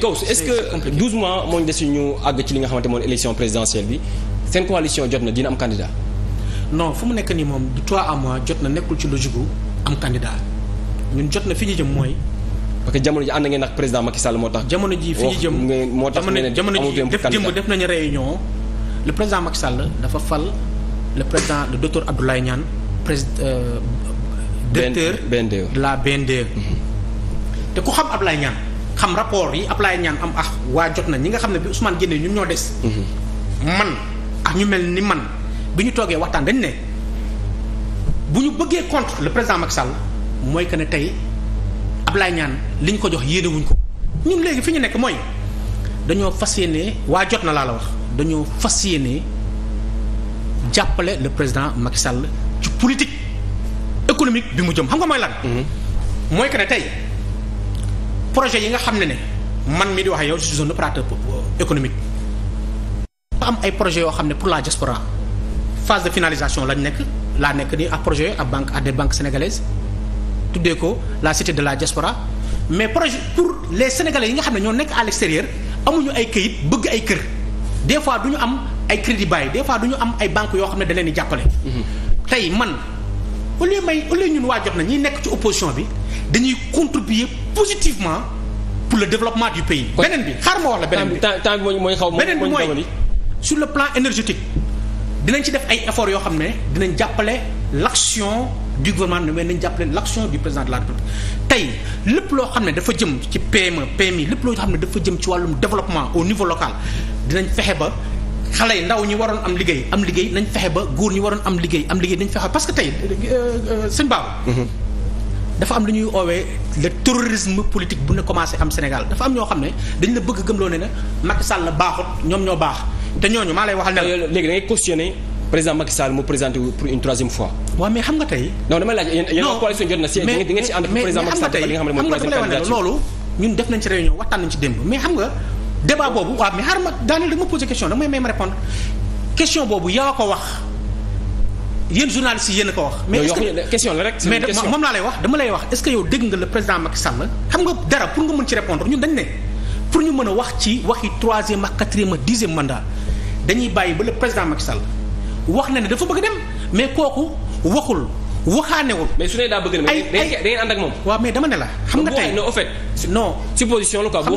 Gaoussou est-ce que 12 mois moo ñu des ñu àgg ci li nga xamante moom élection présidentielle bi seen coalition jot na dina am candidat. non fu mu nekk nii moom du 3 à mois jot na nekkul ci logique gu am candidat ñun jot na fi ñu jëm mooy. parce que jamono ji ànd ngeen nag président Macky Sall moo tax. jamono ji fi ñu jëm moo tax jamono ji def démb def nañu réunion. le président Macky Sall dafa fal le président le docteur Abdoulaye Niane président euh, directeur de la BNDE. Mhm. te ku xam Abdoulaye Niane. xam rapport yi Ablaye Niane am ax waa jot na ñi nga xam ne bi Ousmane génnee ñun ñoo des. Mhm. man ak ñu mel ni man bi ñu toogee waxtaan dañ ne bu ñu bëggee contre le président Macky Sall mooy que ne tey Ablaye Niane li ñu ko jox yéenewuñ ko ñun léegi fi ñu nekk mooy dañoo fas yéenee waa jot na laa la wax dañoo fas yéenee jàppale le président Macky Sall ci politique économique bi mu jëm xam nga mooy lan. Mhm. mooy que ne tey. projet yi nga xam ne ne man mi di wax yow je suis un opérateur euh, économique am ay projets yoo xam ne pour la diaspora phase de finalisation lañ nekk laa nekk ni ak projet ak banque à des banques sénégalaises tuddee ko la cité de la diaspora mais projet pour les sénégalais yi nga xam ne ñoo nekk à l'extérieur amuñu ay këyit bëgg ay kër des fois du ñu am ay crédit bail des fois du ñu am ay banques yoo xam ne da leen di jàppale mm-hmm. tey man au lieu may au lieu ñun waa jox na ñi nekk ci opposition bi dañuy contribuer positivement pour le développement du pays. beneen bi xaar ma wax la beneen bi temps temps bi mooy xaw ma beneen bi mooy le plan énergétique dinañ ci def ay efforts yoo xam ne dinañ jàppale l'action du gouvernement mais nañ jàppale l'action du président de la République tey lépp loo xam ne dafa jëm ci PME PMI lépp loo xam ne dafa jëm ci wàllum développement au niveau local dinañ fexe ba. xale yi ndaw ñi waroon am liggéey am liggéey nañ fexe ba góor ñi waroon am liggéey am liggéey nañ fexe parce que tey euh, euh, sëñ Babou mhm. dafa am lu ñuy oowee le terrorisme politique bu ne commencé am Sénégal dafa am ñoo xam ne dañ la bëgg gëmloo ne ne Macky Sall baaxut ñoom ñoo baax te ñooñu maa lay waxal ne léegi da ngay président Macky mu présenté pour une troisième fois waaw mais xam nga tey non damay laaj yéen coalition jot na si di si ànd débat boobu waaw mais xaaral ma daaneel da ma posé question da may may ma répondre question boobu yaa ko wax yéen journalistes yéen a ko wax. mais est-ce que mais moom laa lay wax dama lay wax est-ce que yow dégg nga le président Macky Sall xam nga dara pour nga mën ci répondre ñun dañ ne pour ñu mën a wax ci waxi troisième a quatrième ak dixième mandat dañuy bàyyi ba le président Macky Sall wax na ne dafa bëgg dem mais kooku waxul. waxaanewul. mais su ne daa bëgg na mais da ngeen ànd ak moom. waaw mais dama ne la xam nga tey non en fait. xam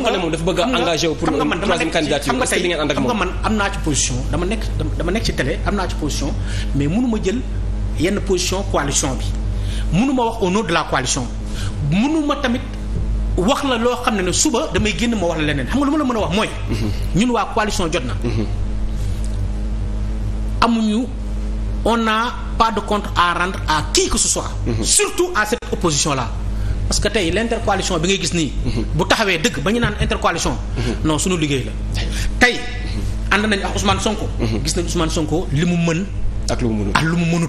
a engagé wu pour une nga man am naa ci position dama nekk ci télé am naa ci position mais mënu ma jël yenn position coalition bi mënu ma wax au nom coalition mënu ma tamit wax la loo xam ne ne suba damay génn ma wax la leneen xam nga lu ma la mën a wax mooy. Mhm. ñun waa coalition jot na. Mhm. amuñu. on n'a pas de compte à rendre à qui ce soit. Mhm. surtout à cette opposition là. parce que tey l'intercoalition bi ngay gis nii. Mhm. bu taxawee dëgg ba ñu naan intercoalition. Mhm. non suñu liggéey la. tey ànd nañ ak Ousmane Sonko. gis nañ Ousmane Sonko li mu mën. ak lu mu mënut ak lu mu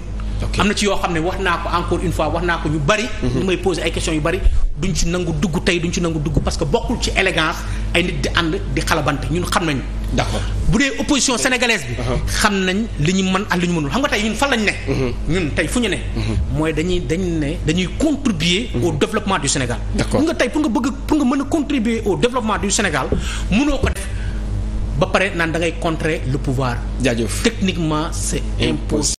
am na ci yoo xam ne wax naa ko encore une fois wax naa ko ñu bari. ñu may poser ay questions yu bari duñ ci nangu dugg tey duñ ci nangu dugg parce que bokkul ci élégance ay nit di ànd di xalabante ñun xam nañu. d'accord bu dee opposition sénégalaise bi. Uh-huh. xam nañ li ñu man ak li ñu mënul xam nga tey ñun fan lañ ne. Uh-huh. ñun tey fu ñu ne. Uh-huh. mooy dañuy dañ ne dañuy contribuer au développement du Sénégal. d'accord nga tey pour nga bëgg pour nga mën a contribuer au développement du Sénégal mënoo ko def ba pare naan da ngay contrer le pouvoir. jaajëf techniquement c'est impossible.